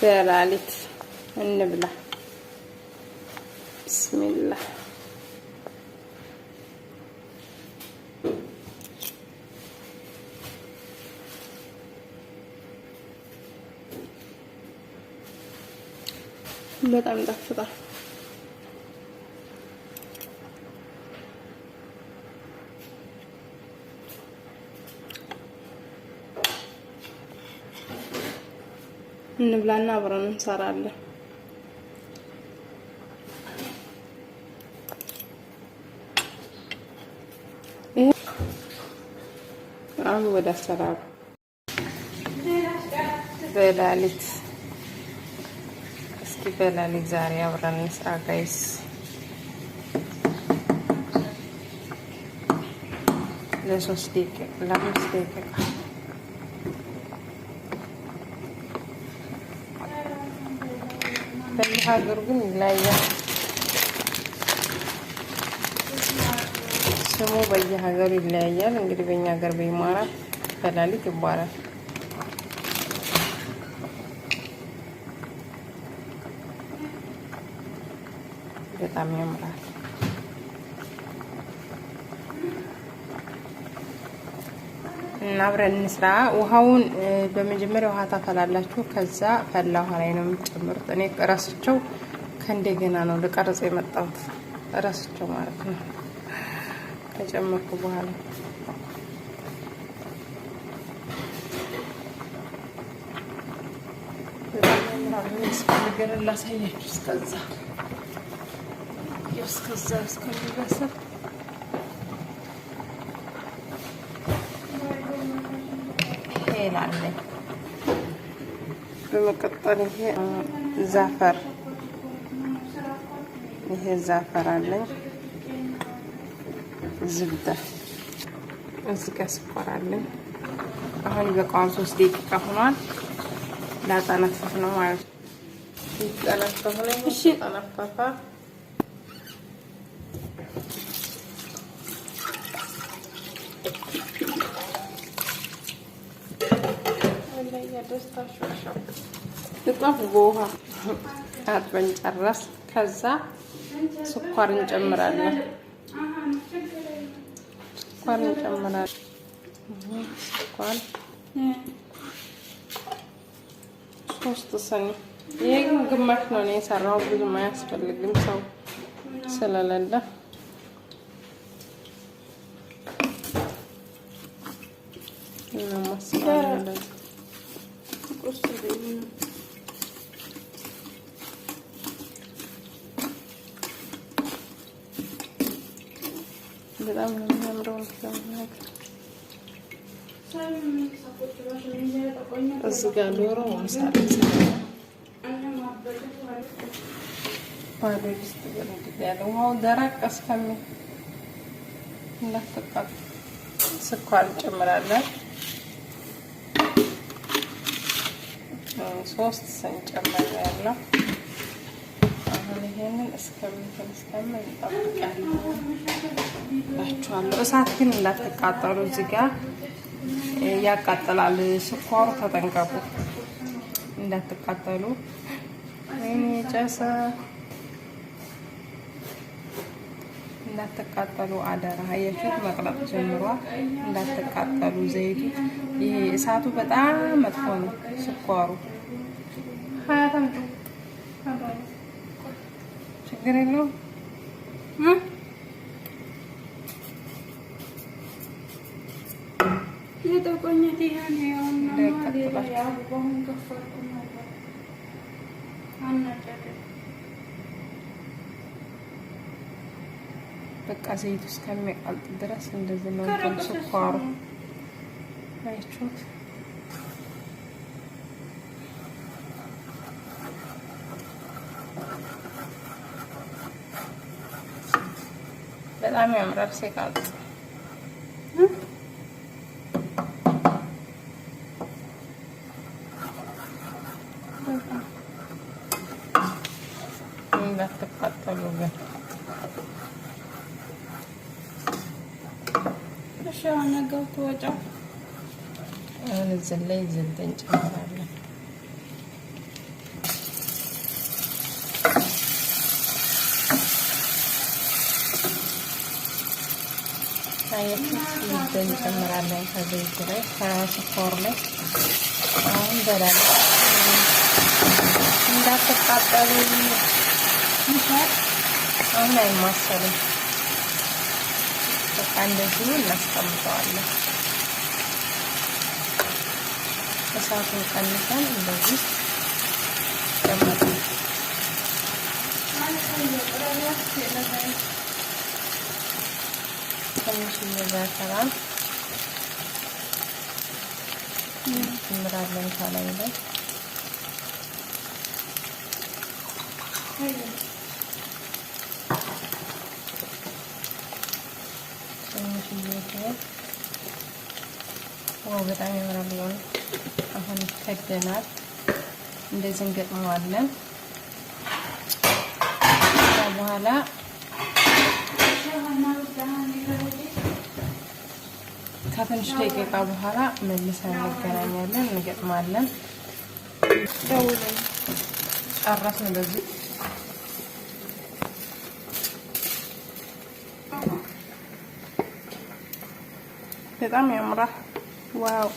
فيرا عليك النبلة بسم الله بطعم دفضة እንብላና አብረን እንሰራለን። አሁን ወደ አሰራሩ በላሊት እስኪ በላሊት ዛሬ አብረን እንስራ ጋይስ። ለሶስት ደቂቃ ለአምስት ደቂቃ Harganya di semua baja harga di wilayah negeri penyabar Bima, kita balik ke kita tambah እና አብረን እንስራ። ውሃውን በመጀመሪያ ውሃ ታፈላላችሁ። ከዛ ፈላ ውሃ ላይ ነው የምትጨምሩት። እኔ ረስቸው ከእንደገና ነው ልቀርጽ የመጣሁት ረስቸው ማለት ነው። ከጨመርኩ በኋላ ስፈልገን ላሳያችሁ እስከዛ እስከዛ እስከሚበስል ይላል። በመቀጠል ይሄ ዛፈር ይሄ ዛፈር አለኝ። ዝብዳ እዚህ ጋር ስኳር አለኝ። አሁን በቃዋን ሶስት ደቂቃ ሆኗል። ላጠነፍፍ ነው ማለት ነው። ይጠነፈፍ ነው። እሺ ጠነፈፋ ላይ ያደስታችሁ ንጣፍ በውሃ አጥበን ጨረስ። ከዛ ስኳር እንጨምራለን። ስኳር እንጨምራለን። ስኳር ሶስት ስኒ። ይሄ ግን ግማሽ ነው እኔ የሰራው፣ ብዙም አያስፈልግም ሰው ስለሌለ ነው ማስባለ göstereyim. በጣም ነው የሚያምረው እዚህ ዶሮ ደረቅ ስኳር እንጨምራለን። ሶስት ስኒ ያለው አሁን ይሄንን እስከምንትን እስከምን እንጠብቃለሁ እሳት ግን እንዳትቃጠሉ፣ እዚህ ጋር ያቃጥላል ስኳሩ። ተጠንቀቁ እንዳትቃጠሉ። ወይኔ ጨሰ እንዳትቃጠሉ አደራ። አያችሁት መቅለጥ ጀምሯል። እንዳትቃጠሉ ዘይቱ። ይሄ እሳቱ በጣም መጥፎ ነው። ስኳሩ ችግር የለውም። ቆኝ በቃ ዘይቱ እስከሚያቀልጥ ድረስ እንደዚህ ነው። ግን ስኳሩ አይችሁት በጣም ያምራል ሲቃልጥ ነገው ትወጫው እዚህ ላይ ዝንት እንጨምራለን። አያችሁ እንጨምራለን ከዘይት ላይ ከስኳር ላይ አሁን በላል እንዳትቃጠሉ አሁን አይማሰልም። እንደዚህ እናስቀምጠዋለን። እሳቱን ቀንሰን እንደዚህ ትንሽ ዘፈራን እንጨምራለን ከላይ ላይ ትንሽ ይችላል። ዋው በጣም ያምራል። አሁን ከደናል። እንደዚህ እንገጥመዋለን። በኋላ ከትንሽ ደቂቃ በኋላ መልሰን እንገናኛለን፣ እንገጥማለን። ጨረስን በዚህ በጣም ያምራል። ዋው